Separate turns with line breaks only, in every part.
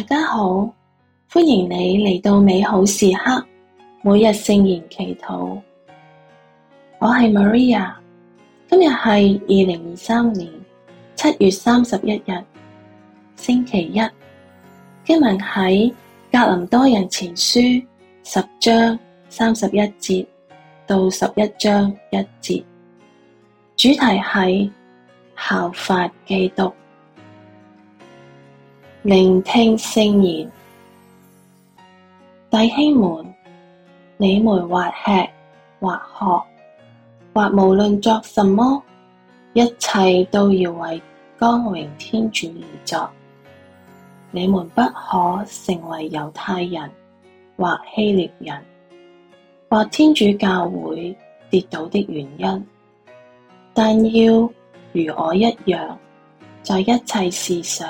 大家好，歡迎你嚟到美好時刻，每日聖言祈禱。我係 Maria，今日係二零二三年七月三十一日，星期一。今日喺格林多人前書十章三十一節到十一章一節，主題係效法基督。聆聽聖言，弟兄們，你們或吃或喝，或無論作什麼，一切都要為光榮天主而作。你們不可成為猶太人，或希臘人，或天主教會跌倒的原因，但要如我一樣，在一切事上。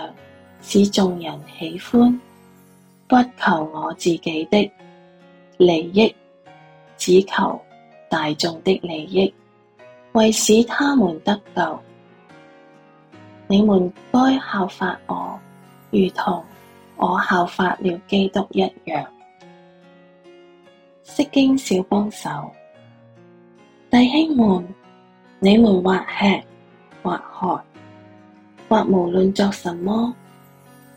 使眾人喜歡，不求我自己的利益，只求大眾的利益，為使他們得救。你們該效法我，如同我效法了基督一樣。釋經小幫手，弟兄們，你們或吃，或喝，或無論作什麼。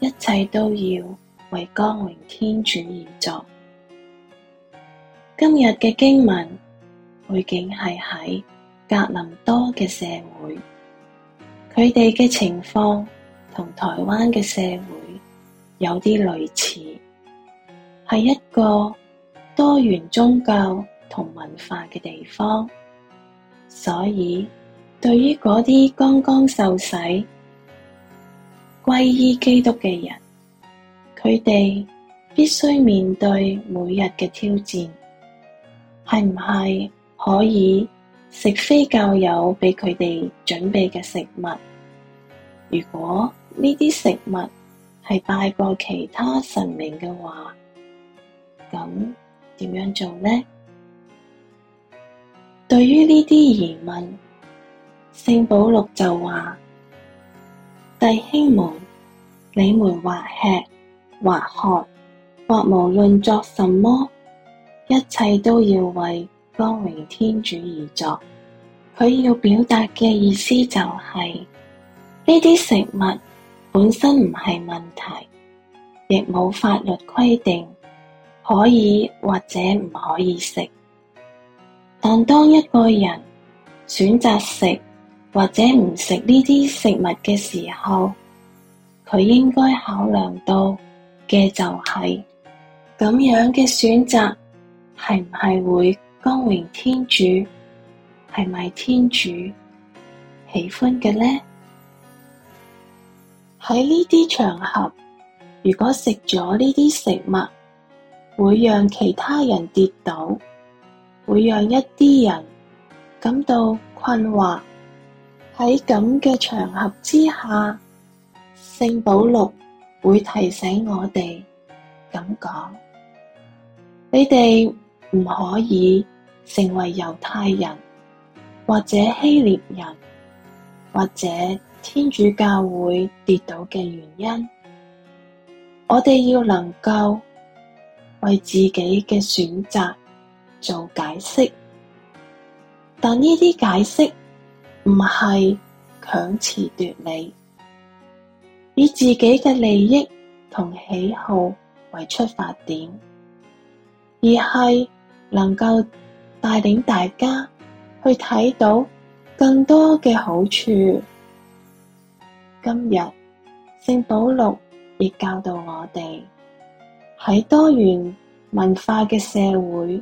一切都要為光榮天主而作。今日嘅經文背景係喺格林多嘅社會，佢哋嘅情況同台灣嘅社會有啲類似，係一個多元宗教同文化嘅地方，所以對於嗰啲剛剛受洗。皈依基督嘅人，佢哋必須面對每日嘅挑戰，係唔係可以食非教友畀佢哋準備嘅食物？如果呢啲食物係拜過其他神明嘅話，咁點樣做呢？對於呢啲疑問，聖保祿就話：弟兄們，你們或吃，或喝，或無論作什麼，一切都要為光榮天主而作。佢要表達嘅意思就係呢啲食物本身唔係問題，亦冇法律規定可以或者唔可以食。但當一個人選擇食，或者唔食呢啲食物嘅時候，佢應該考量到嘅就係咁樣嘅選擇係唔係會光榮天主，係咪天主喜歡嘅呢？喺呢啲場合，如果食咗呢啲食物，會讓其他人跌倒，會讓一啲人感到困惑。喺咁嘅場合之下，聖保祿會提醒我哋咁講：你哋唔可以成為猶太人，或者希臘人，或者天主教會跌倒嘅原因。我哋要能夠為自己嘅選擇做解釋，但呢啲解釋。唔係強詞奪理，以自己嘅利益同喜好為出發點，而係能夠帶領大家去睇到更多嘅好處。今日聖保祿亦教導我哋喺多元文化嘅社會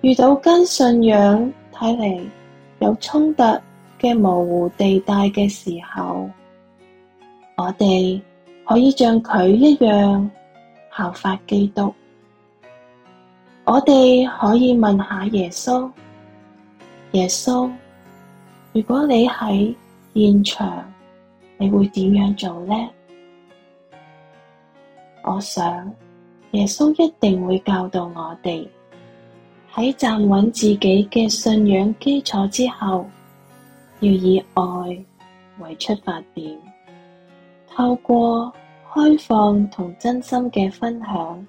遇到跟信仰睇嚟有衝突。嘅模糊地帶嘅時候，我哋可以像佢一樣效法基督。我哋可以問下耶穌：耶穌，如果你喺現場，你會點樣做呢？我想耶穌一定會教導我哋喺站穩自己嘅信仰基礎之後，要以愛為出發點，透過開放同真心嘅分享，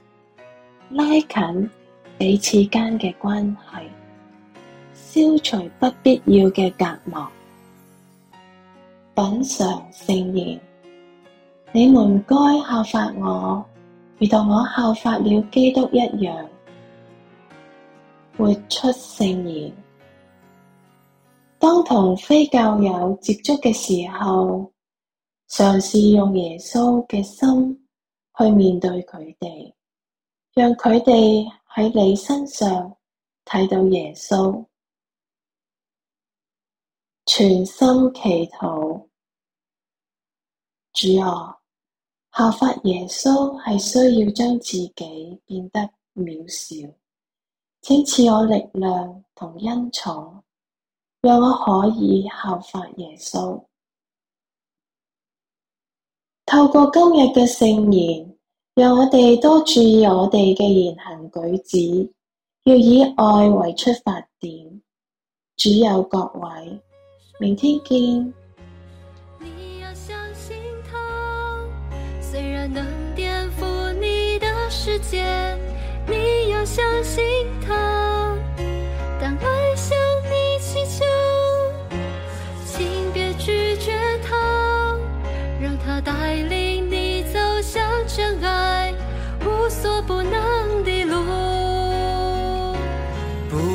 拉近彼此間嘅關係，消除不必要嘅隔膜。品嚐聖言，你們該效法我，如同我效法了基督一樣，活出聖言。當同非教友接觸嘅時候，嘗試用耶穌嘅心去面對佢哋，讓佢哋喺你身上睇到耶穌。全心祈禱，主啊，效法耶穌係需要將自己變得渺小，請賜我力量同恩寵。讓我可以效法耶穌，透過今日嘅聖言，讓我哋多注意我哋嘅言行舉止，要以愛為出發點。主有各位，明天見。你要相信佢，雖然能顛覆你的世界，你要相信佢。